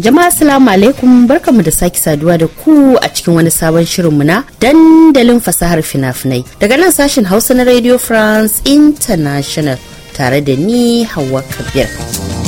Jama'a assalamu alaikum barkamu da sake saduwa da ku a cikin wani sabon shirinmu na dandalin fasahar fina-finai daga nan sashen Hausa na Radio France International tare da ni Hauwa Kabir.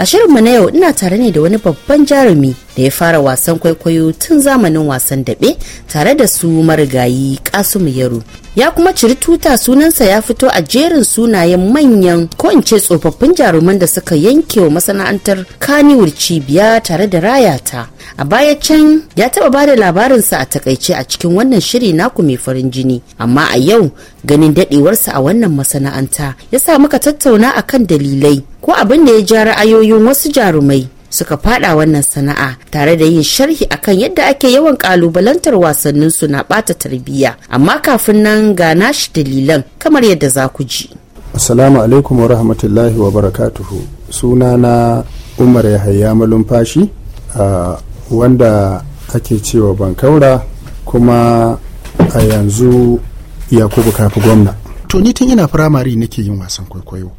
A shirinmu na yau ina tare ne da wani babban jarumi da ya fara wasan kwaikwayo tun zamanin wasan daɓe tare da su marigayi Kasumu Yaro. Ya kuma ciri tuta sunansa ya fito a jerin sunayen manyan ko in ce tsofaffin jaruman da suka yanke wa masana'antar kaniwar cibiya tare da rayata. a baya can ya taba bada labarinsa a takaice a cikin wannan shiri naku mai farin jini amma a yau ganin dadewarsa a wannan masana'anta ya sa muka tattauna a kan dalilai ko abin da ya ja ra'ayoyin wasu jarumai suka fada wannan sana'a tare da yin sharhi akan yadda ake yawan kalubalantar wasannin su na bata tarbiyya amma kafin nan ga nashi dalilan kamar yadda za ku ji assalamu alaikum wa rahmatullahi wa barakatuhu sunana umar yahaya malumfashi wanda ake cewa bankaura kuma a yanzu yakubu kafi gwamna to ni tun ina firamare nake yin wasan kwaikwayo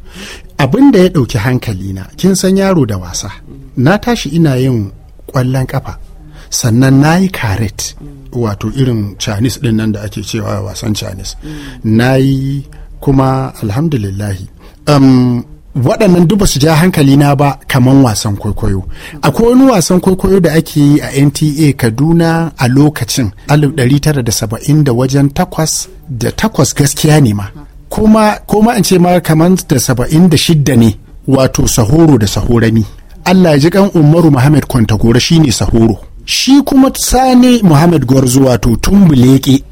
abin da ya ɗauki na, kin san yaro da wasa na tashi ina yin ƙwallon ƙafa sannan na yi karet wato irin chinese din nan da ake cewa wasan chinese na yi kuma alhamdulillahi um, waɗannan duba su ja hankali na ba kaman wasan kwaikwayo akwai wani wasan kwaikwayo da ake yi a nta kaduna a lokacin 1970 da wajen takwas da takwas gaskiya ne ma kuma kuma in ce ma kamar da 76 ne wato sahoro da sahorami allah ji kan umaru muhammad kwantagora ne sahoro shi kuma sani muhammad gwarzo wato tumbuleke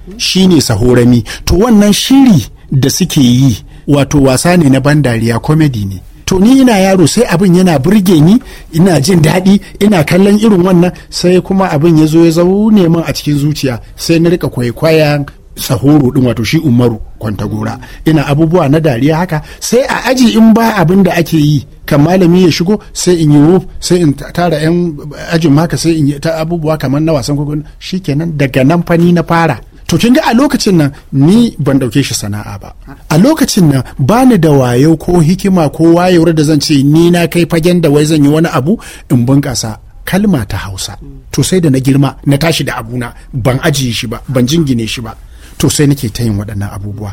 ne sahorami to wannan shiri da suke yi wato wasa ne na ban dariya komedi ne to ni ina yaro sai abin yana burge ni ina jin daɗi ina kallon irin wannan sai kuma abin ya zo ya zaune min a cikin zuciya sai na rika kwaikwayan sahoro din wato shi umaru kwantagora ina abubuwa na dariya haka sai a aji in ba abin da ake yi kan malami ya shigo sai in yi wuf sai in tara yan ajin haka sai in yi ta abubuwa kamar na wasan shi shikenan daga nan fani na fara to kin ga a lokacin nan ni ban dauke shi sana'a ba a lokacin nan ba ni da wayo ko hikima ko wayewar da zan ce ni na kai fagen da wai zan yi wani abu in bunƙasa kalma ta hausa to sai da na girma na tashi da abuna ban ajiye shi ba ban jingine shi ba to sai nake ta yin waɗannan abubuwa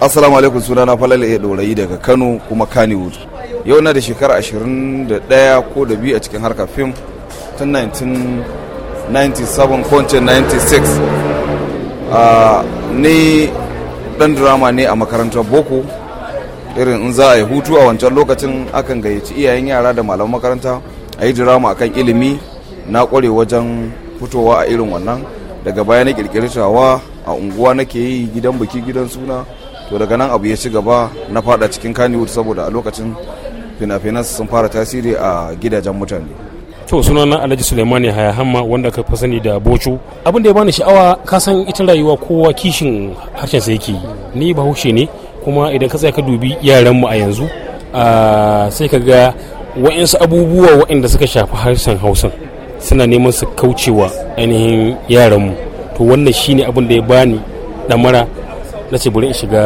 assalamu alaikum sunana Falal ya ɗorayi daga kano kuma kannywood yau na da shekara 21 ko da biyu a cikin harkar fim tun 19 97 ko 96 ni dan drama ne a makarantar boko irin in za a yi hutu a wancan lokacin akan gayyaci iyayen yara da malaman makaranta a yi drama akan ilimi na kware wajen fitowa a irin wannan daga baya na kirkiri tawa a unguwa nake yi gidan biki gidan suna to daga nan abu ya ci gaba na fada cikin kaniwood saboda a lokacin fina-finan sun fara tasiri a gidajen mutane to sunana alhaji suleimani haya hamma wanda ka fi sani da bocho abin da ya bani sha'awa ka san ita rayuwa kowa kishin harshen sa yake ni bahaushe ne kuma idan ka tsaya ka dubi yaran mu a yanzu sai ka ga wa'insu abubuwa wa'inda suka shafi harshen hausan suna neman su kaucewa ainihin yaran mu to wannan shine abin da ya bani damara na ce bari in shiga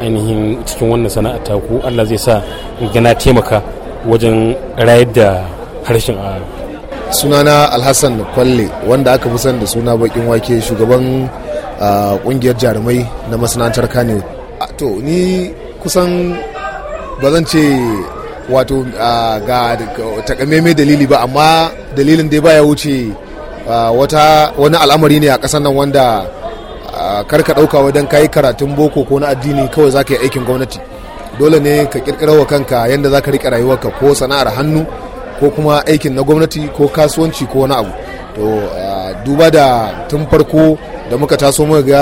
ainihin cikin wannan sana'a ta ko Allah zai sa in gana taimaka wajen rayar da harshen arabic sunana alhassan kwalle wanda aka fi sani da suna bakin wake shugaban kungiyar jarumai na masana'antar kane to ni kusan ba zan ce wato ga takamaimai dalili ba amma dalilin dai baya wuce wata wani al'amari ne a ƙasar nan wanda kar karka ɗauka wajen kayi karatun boko ko na addini kawai za ka yi aikin gwamnati dole ne ka ƙirƙirar wa kanka yadda za ka riƙe rayuwarka ko sana'ar hannu ko kuma aikin na gwamnati ko kasuwanci ko wani abu to duba da tun farko da muka taso muka ga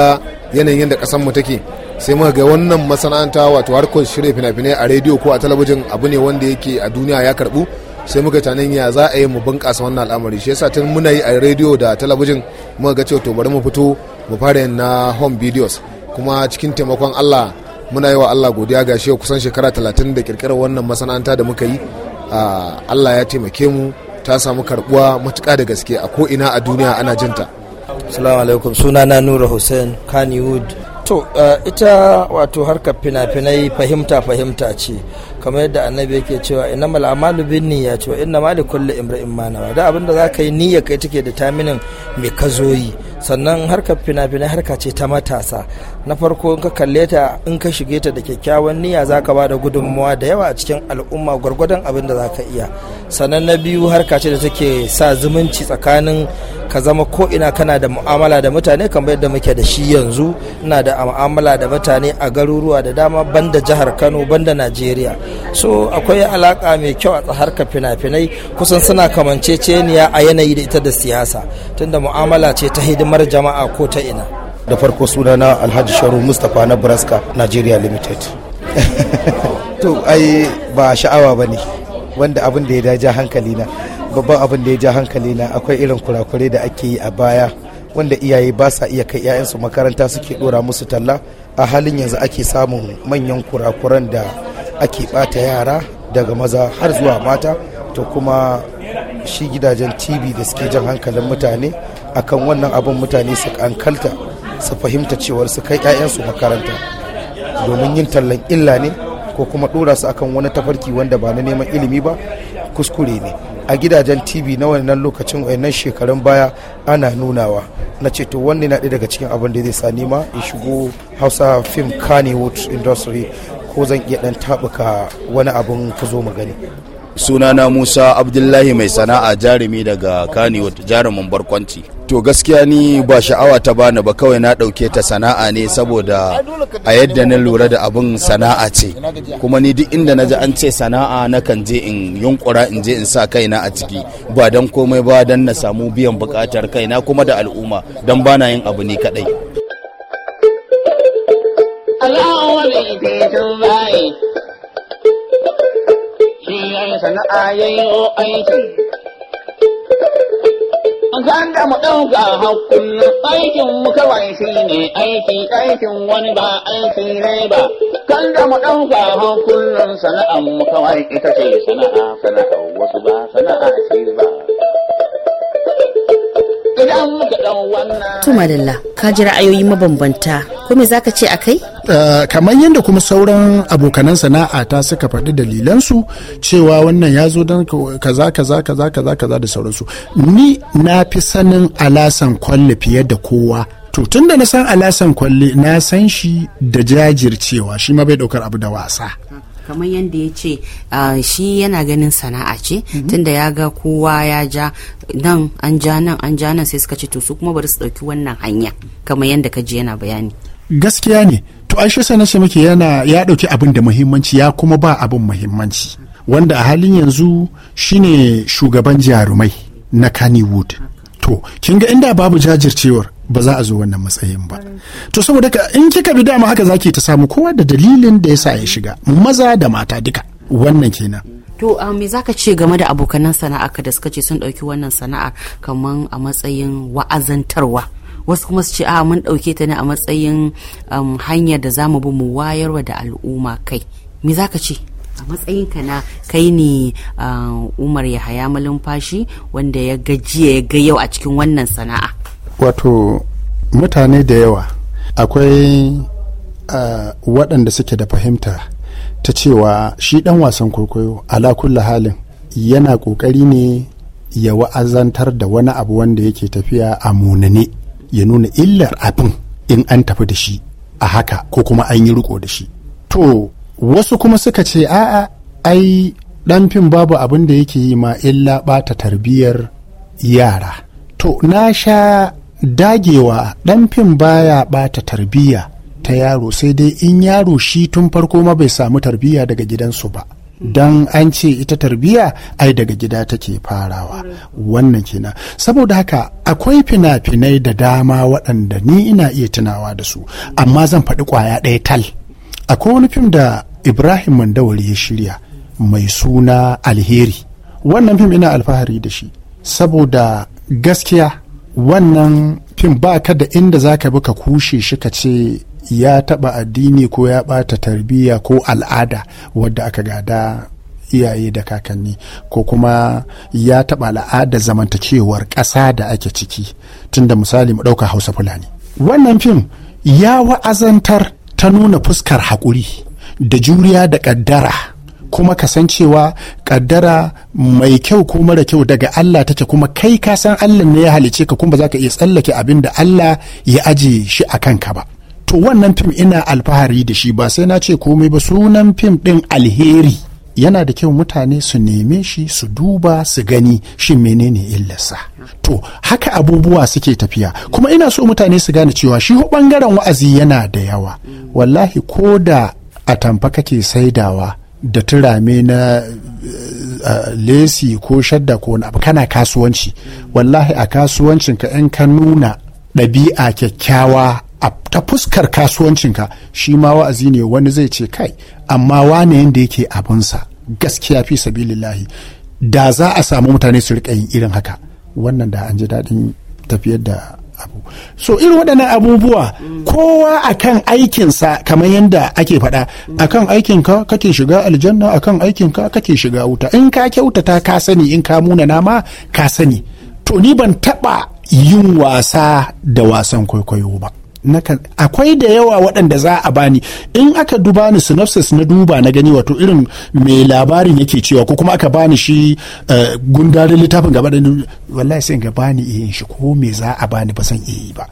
yanayin yadda ƙasar mu take sai muka ga wannan masana'anta wato harkar shirya fina-finai a rediyo ko a talabijin abu ne wanda yake a duniya ya karbu sai muka tanin ya za a yi mu bunƙasa wannan al'amari shi yasa tun muna yi a rediyo da talabijin muka ga cewa to bari mu fito mu fara yin na home videos kuma cikin taimakon Allah muna yi wa Allah godiya ga shi kusan shekara 30 da kirkirar wannan masana'anta da muka yi Ah, Allah ya taimake mu ta samu karbuwa matuƙa da gaske a ko ina a duniya ana jinta. Salamu alaikum sunana Nura Hussein Kannywood. To ah, ita wato harkar fina-finai fahimta fahimta ce kamar yadda annabi yake cewa ina mala amalu bin niyya cewa ina mali kulli imra'in da abinda za ka yi niyya kai take da taminin me ka zo yi sannan harkar fina-finai harka ce ta matasa na farko in ka kalle ta in ka shige ta da kyakkyawan niyya za ka ba da da yawa a cikin al'umma gwargwadon abin da za ka iya sannan na biyu harka ce da take sa zumunci tsakanin ka zama ko ina kana da mu'amala da mutane kamar yadda muke da shi yanzu ina da mu'amala da mutane a garuruwa da dama banda jihar kano banda najeriya so akwai alaka mai kyau a harkar fina-finai kusan suna kamanceceniya a yanayi da ita da siyasa tunda mu'amala ce ta hidima hidimar jama'a ko ta ina da farko suna na alhaji sharu mustapha na braska nigeria limited to ai ba sha'awa ba ne wanda abin da ya ja hankali na babban abin da ya ja hankali na akwai irin kurakurai da ake yi a baya wanda iyaye ba sa iya kai 'ya'yansu makaranta suke dora musu talla a halin yanzu ake samun manyan kurakuran da ake bata yara daga maza har zuwa mata to kuma shi gidajen tv da suke jan hankalin mutane akan wannan abin mutane su kankalta su fahimta cewar su kai 'ya'yansu makaranta domin yin tallan illa ne ko kuma ɗora su akan wani tafarki wanda ba na neman ilimi ba kuskure ne a gidajen tv na wannan lokacin wayannan shekarun baya ana nunawa na ce to wannan na daga cikin abin da zai sa nima in shigo hausa film carnival industry ko zan iya ɗan tabuka wani abin ku zo mu gani sunana musa abdullahi mai sana'a jarumi daga kaniwood jarumin barkwanci to gaskiya ni ba sha'awa ta bani ba kawai na ɗauke ta sana'a ne saboda a yadda na lura da abin sana'a ce kuma ni duk inda na ji an ce sana'a na kan je in yunkura in je in sa kaina a ciki ba don komai ba don na samu biyan bukatar kaina kuma da al'umma don bana yin abu ne kaɗai sana'a ya yi aikin. Ganda mu ɗauka hakkun aikin mu kawai shi ne aiki aikin wani ba aiki rai ba. Ganda mu ɗauka hakkunan sana'a mu kawai ita ce sana'a sana'a wasu ba sana'a ce ba. Idan muka ɗau wannan. Tumadalla, ka ji ra'ayoyi mabambanta ko me zaka ce a kai eh, kamar yadda kuma sauran abokanan sana'a ta suka faɗi dalilansu cewa wannan ya zo don kaza kaza kaza kaza kaza da sauransu ni na fi sanin alasan kwalli fiye da kowa to tun da na san alasan kwalli na san shi da jajircewa shi ma bai ɗaukar abu da wasa kamar yadda ya ce shi yana ganin sana'a ce mhm. tunda ya ga kowa ya ja nan an ja nan an ja nan sai suka ce to su kuma bari su ɗauki wannan hanya kamar yadda ka ji yana bayani gaskiya ne to ai sai na ce miki yana ya dauki abin da muhimmanci ya kuma ba abin muhimmanci wanda a halin yanzu shine shugaban jarumai na Kannywood to kin ga inda babu jajircewar ba za a zo wannan matsayin ba to saboda ka in kika bi dama haka zaki ta samu kowa da dalilin da yasa ya shiga maza da mata duka wannan kenan to ah, me zaka ce game da abokanan sana'a ka da suka ce sun ɗauki wannan sana'a kamar a matsayin wa'azantarwa wasu kuma su ce a mun ɗauke ta ne a matsayin um, hanyar da zamu bi mu wayarwa da al'umma kai me za ka ce a matsayin ka na kai ne uh, umar yahaya malumfashi wanda ya gajiya ya ga yau a cikin wannan sana'a wato mutane da yawa akwai uh, waɗanda suke da fahimta ta cewa shi ɗan wasan kwaikwayo ala kulla halin yana ƙoƙari ne ya wa'azantar da wani abu wanda yake tafiya a munane ya nuna illar abin in an tafi da shi a haka ko kuma an yi riko da shi to wasu kuma suka ce a'a ai dan fin babu abin da yake yi ma illa bata tarbiyyar yara to na sha dagewa dan fin baya bata tarbiyya ta yaro sai dai in yaro shi tun farko ma bai samu tarbiyya daga gidansu ba don an ce ita tarbiya ai daga gida take farawa wannan kenan saboda haka akwai fina-finai da dama waɗanda ni ina iya tunawa da su amma zan faɗi ƙwaya ɗaya tal akwai wani fim da ibrahim mandawari ya shirya mai suna alheri wannan fim ina alfahari da shi saboda gaskiya wannan fim ba ka da inda za ka bi ka kushe shi ka ce ya taɓa addini ko ya ɓata tarbiyya ko al'ada wadda aka gada iyaye da kakanni ko kuma ya taɓa al'ada zamantakewar ƙasa da ake ciki tunda misali mu ɗauka hausa fulani wannan fim ya wa'azantar ta nuna fuskar haƙuri da juriya da ƙaddara kuma kasancewa ƙaddara mai kyau ko mara kyau daga Allah take kuma kai ka san Allah ne ya halice ka kuma ba za ka iya tsallake abin da Allah ya aje shi a kanka ba to wannan fim ina alfahari da shi ba sai na ce komai ba sunan fim ɗin alheri yana da kyau mutane su neme shi su duba su gani shi menene illarsa to haka abubuwa suke tafiya kuma ina so mutane su gane cewa shi bangaren wa'azi yana da yawa wallahi ko da a tamfa kake saidawa da turame na uh, lesi ko shadda ko abu kana kasuwanci wallahi a kasuwancinka in ka nuna ɗabi'a kyakkyawa ta fuskar kasuwancinka shi ma wa'azi ne wani zai ce kai amma wane yadda yake abinsa gaskiya fi sabilillahi da za a samu mutane su rika yin irin haka wannan da an ji daɗin tafiyar da abu so irin waɗannan abubuwa kowa kowa akan aikinsa kamar yadda ake faɗa akan aikinka kake shiga aljanna akan aikinka kake shiga wuta in ka kyautata ka sani in ka muna nama ka sani to ni ban taɓa yin wasa da wasan kwaikwayo ba akwai da yawa waɗanda za a bani in aka duba ni synopsis na duba na gani wato irin mai labarin yake cewa ko kuma aka bani shi eh, gundarin littafin gaba da wallahi sai ga bani yin shi ko me za a bani ba san yi ba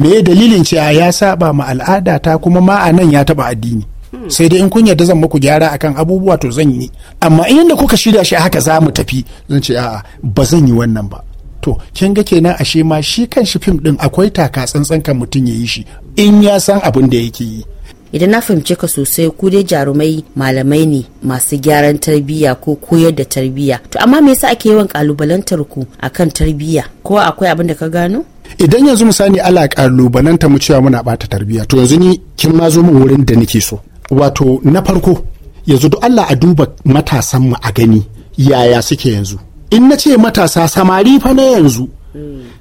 me dalilin cewa ya saba ma al'ada ta kuma ma a nan ya taba addini sai dai in kun yarda zan muku gyara akan abubuwa to zan yi amma in yadda kuka shirya shi haka za mu tafi zan ce a'a ba zan yi wannan ba to kin ga kenan ashe ma shi kan shi fim din akwai taka tsantsan kan mutum ya yi shi in ya san abin da yake yi idan na fahimce ka sosai ku dai jarumai malamai ne masu gyaran tarbiyya ko koyar da tarbiyya to amma me yasa ake yawan kalubalantar ku akan tarbiyya ko akwai abin da ka gano idan yanzu misali ala kalubalanta mu cewa muna bata tarbiyya to yanzu ni kin ma zo min wurin da nake so wato na farko yanzu duk Allah a duba matasan mu a gani yaya suke yanzu in na ce matasa samari fa na yanzu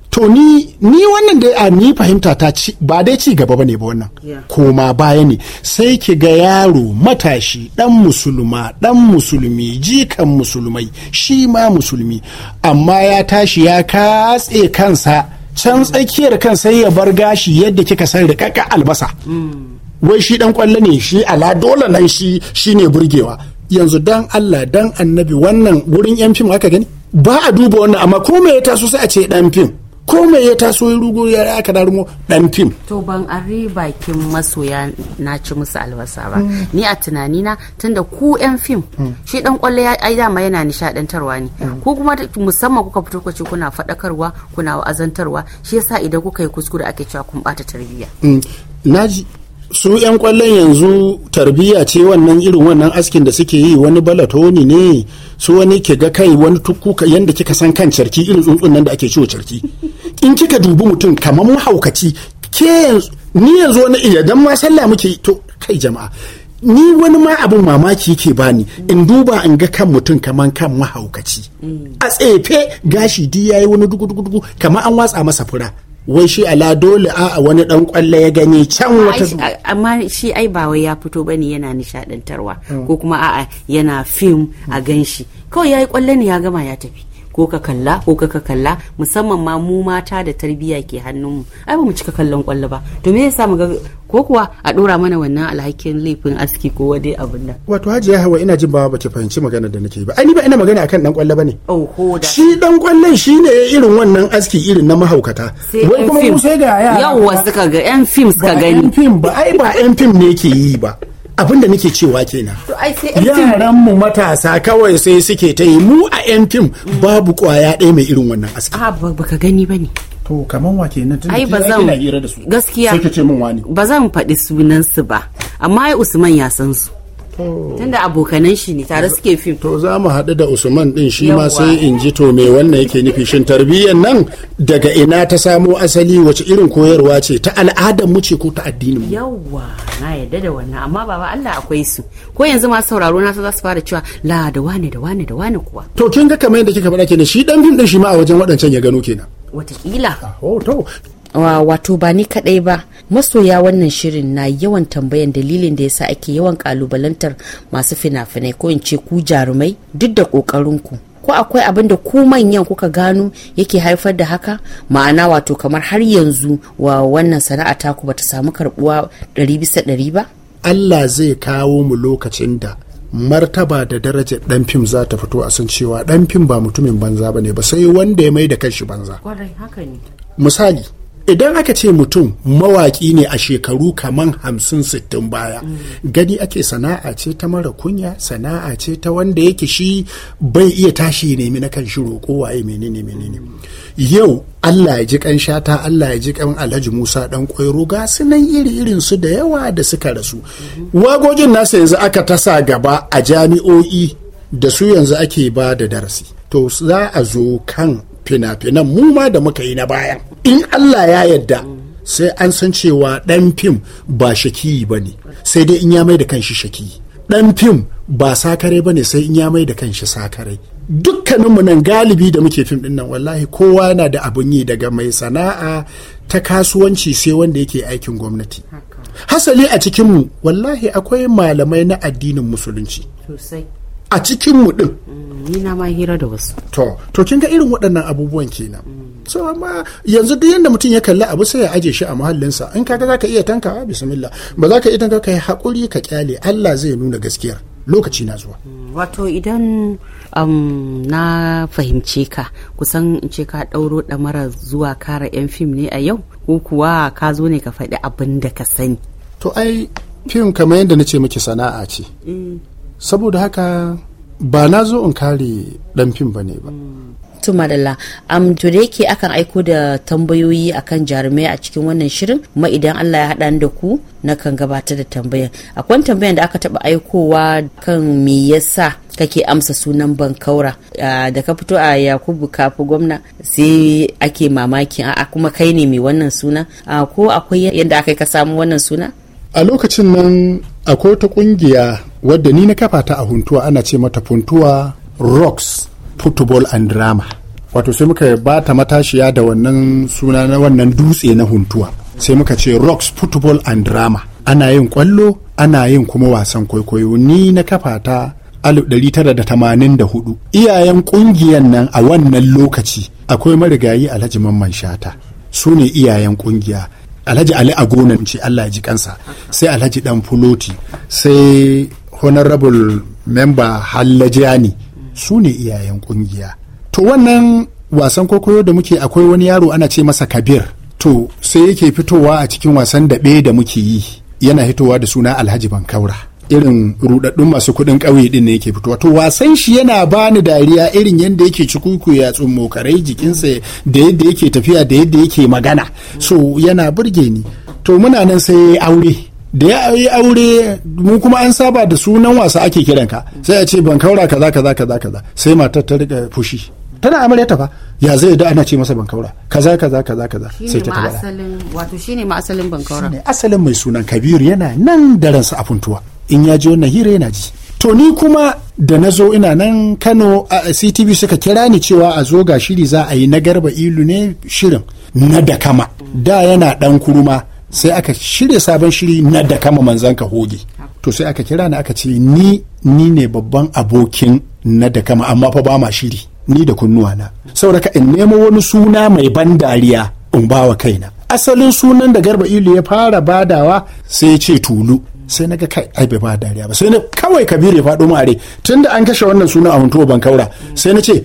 to ni ni wannan da a ni fahimta ta ci ba dai ci gaba bane ba wannan koma baya ne sai ki ga yaro matashi dan musulma dan musulmi jikan musulmai shi ma musulmi amma ya tashi ya katse kansa can tsakiyar kan sai ya bar gashi yadda kika san rikaka albasa hmm. wai shi dan kwallo ne shi ala dole nan shi shine burgewa yanzu dan Allah dan annabi wannan wurin yan fim aka gani ba a duba wannan amma ko me ya taso sai a ce dan fim ko me ya taso ya rugo ya aka darumo dan fim to ban ari bakin masoya na ci musu albasa ba mm. ni a tunani na tunda ku yan fim mm. shi dan kwallo ya ai dama yana nishadantarwa ne mm. ko kuma musamman kuka fito kuce kuna fadakarwa kuna wa'azantarwa shi yasa idan kuka yi kuskure ake cewa kun bata tarbiyya naji su 'yan kwallon yanzu tarbiyya ce wannan irin wannan askin da suke yi wani balatoni ne su wani ke ga kai wani yadda kika san kan carki irin tsuntsun nan da ake ciwo carki in kika dubi mutum kamar mahaukaci ke ni yanzu wani iya ma sallah muke to kai jama'a ni wani ma abin mamaki ke bani in duba in ga kan mutum kaman kan mahaukaci a tsefe gashi di yayi wani dugu dugu kamar an watsa masa fura wai shi ala dole a wani dan kwallo ya gani can wata amma shi ai ba wai ya fito bane yana nishadantarwa hmm. ko kuma a'a yana fim a hmm. ganshi kawai yayi kwallo ne ya gama ya tafi ko ka kalla ko ka kalla musamman ma mu mata da tarbiyya ke hannunmu ai ba mu cika kallon kwallo ba to me yasa mu ga ko kuwa a dora mana wannan alhakin laifin aski ko wani abin nan wato hajiya hawa ina jin ba ba ki fahimci magana da nake ba ai ni ba ina magana akan dan kwallo bane oh shi dan kwallon shine irin wannan aski irin na mahaukata wai kuma mu sai ga yawa suka ga yan film suka gani ba ai ba yan film ne ke yi ba abin da nake cewa kenan yaran mu matasa kawai sai suke ta yi mu a yan fim babu kwaya ɗaya mai irin wannan aski ah, a baka gani bane to kaman wa kenan tun da su gaskiya sai ce min wani zan faɗi sunan su ba amma ai Usman ya san su tunda abokanan shi ne tare suke fim to za mu haɗu da usman ɗin shi ma sai in ji to me wannan yake nufi shin tarbiyyar nan daga ina ta samo asali wace irin koyarwa ce ta al'adar mu ce ko ta addinin mu yawwa na yadda da wannan amma baba Allah akwai su ko yanzu ma sauraro na za su fara cewa la da wane da wane da wane kuwa to kin ga kamar yadda kika faɗa kenan shi dan fim din shi ma a wajen waɗancan ya gano kenan watakila. Ah, oh, to wato ba ni kadai ba masoya wannan shirin na yawan tambayan dalilin da yasa ake yawan kalubalantar masu fina-finai ko in ce ku jarumai duk da kokarinku ko akwai abin da ku manyan kuka gano yake haifar da haka ma'ana wato kamar har yanzu wa wannan sana'a taku bata samu karbuwa ɗari bisa ɗari ba Allah zai kawo mu lokacin da martaba da darajar dan fim za ta fito a san cewa dan fim ba mutumin banza bane ba sai wanda ya mai da kanshi banza misali idan aka ce mutum mawaƙi ne a shekaru kaman hamsin sittin baya gani ake sana'a ce ta mara kunya sana'a ce ta wanda yake shi bai iya tashi nemi na kan shi roƙo waye menene menene yau Allah ya ji kan shata Allah ya ji kan Alhaji Musa dan Kwairo ga sunan iri irin su da yawa da suka rasu mm -hmm. wagogin nasa yanzu aka tasa gaba a jami'o'i da su yanzu ake ba da darasi to za a zo kan fina-finan mu ma da muka yi na bayan in Allah ya yadda sai an san cewa ɗan fim ba shakiyi ba ne sai dai in ya mai da kanshi shakiyi ɗan fim ba sakare ba ne sai in ya mai da kanshi sakare dukkaninmu nan galibi da muke fim ɗin nan wallahi kowa na da abin yi daga mai sana'a ta kasuwanci sai wanda yake aikin gwamnati hasali a cikinmu wallahi akwai malamai na addinin musulunci a cikinmu ɗin mm, ni na ma hira da wasu to to kin ga irin waɗannan abubuwan kenan so amma yanzu duk yanda mutum ya kalli abu sai ya aje shi a muhallinsa in kaga ka iya tankawa bismillah ba za ka iya tankawa yi haƙuri ka kyale Allah zai nuna gaskiyar lokaci na zuwa wato idan um, na fahimce ka kusan in ce ka ɗauro ɗamara zuwa kara 'yan fim ne a yau ko kuwa ka zo ne ka faɗi abin da ka sani to ai fim kamar yadda na ce miki sana'a ce mm. saboda haka ba na zo in kare ɗan fim ba ne ba mm. tumadala am to da yake akan aiko da tambayoyi akan jarumai a cikin wannan shirin ma idan Allah ya haɗa da ku na kan gabatar da tambayan akwai tambayan da aka taɓa aikowa kan me yasa kake amsa sunan bankaura da ka fito a yakubu kafu gwamna sai ake mamaki a kuma kai ne mai wannan suna ko akwai yadda aka ka samu wannan suna a lokacin nan akwai wata kungiya wadda ni na kafa ta a huntuwa ana ce mata funtuwa rocks football and drama wato sai muka ba ta matashiya da wannan suna na wannan dutse na huntuwa sai muka ce rocks football and drama ana yin kwallo ana yin kuma wasan kwaikwayo ni na kafa ta 1984 iyayen kungiyan nan a wannan lokaci akwai marigayi alhaji mamman shata su ne iyayen kungiya alhaji ali gona ce allah ji kansa sai alhaji dan fuloti sai honorable member hallajani su ne iyayen kungiya to wannan wasan kwaikwayo da muke akwai wani yaro ana ce masa kabir to sai yake fitowa a cikin wasan daɓe da muke yi yana hitowa da suna alhaji bankaura irin rudaddun masu kuɗin ƙauye din ne yake fitowa to wasan shi yana bani dariya irin yadda yake cikuku ya tsummokarai jikinsa da yadda yake tafiya da yadda yake magana so yana burge ni to muna nan sai aure da ya yi aure mu kuma an saba da sunan wasa ake kiranka sai a ce ban kaura kaza kaza kaza kaza sai matar ta rika fushi tana amarya ta fa ya zai da ana ce masa kaura kaza kaza kaza kaza sai ta tabbata wato shine ma asalin kaura shine asalin mai sunan kabiru yana nan da ransa Afuntuwa. in ya ji wannan hira yana ji to ni kuma da na zo ina nan kano a ctv suka kira ni cewa a zo ga shiri za a yi na garba ilu ne shirin na da kama da yana dan kuruma sai aka shirya sabon shiri na da kama manzan ka hoge to sai aka kira ni aka ce ni ni ne babban abokin na da kama amma fa ba ma shiri ni da kunnuwa na saboda in nemo wani suna mai ban dariya in bawa kaina asalin sunan da garba ilu ya fara badawa sai ya ce tulu sai na ga kai ai bai ba dariya ba sai na kawai kabiru ya faɗo mu are tunda an kashe wannan sunan a bankaura sai na ce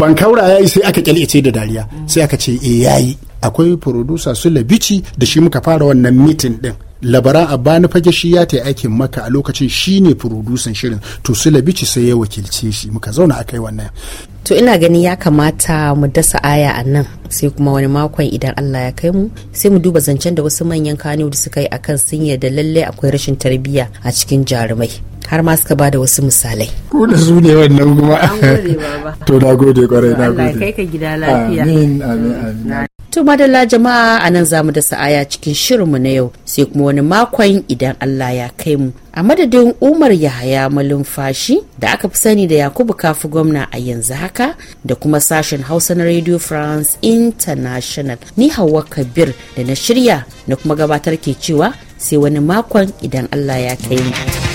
bankaura ya yi sai aka kyalice da dariya sai aka ce eh yayi akwai producer su labici da shi muka fara wannan mitin din labaran abani fage shi ya ta aikin maka a lokacin shi ne furudusan shirin to su labici sai ya wakilce shi muka zauna a wannan to ina gani ya kamata mu dasa aya a nan sai kuma wani makon idan allah ya kai mu sai mu duba zancen da wasu manyan kanu da suka yi akan sun da lallai akwai rashin tarbiyya a cikin jarumai har ma suka ba da wasu misalai. Ko da su ne wannan kuma. To na gode kwarai na gode. Allah kai ka gida lafiya. Amin amin amin. To madalla jama'a a nan zamu da sa'aya cikin shirinmu na yau sai kuma wani makon idan Allah ya kai mu. A madadin Umar Yahaya Malumfashi da aka fi sani da Yakubu Kafi gwamna a yanzu haka da kuma sashen Hausa na Radio France International. Ni Hauwa Kabir da na shirya na kuma gabatar ke cewa sai wani makon idan Allah ya kai mu.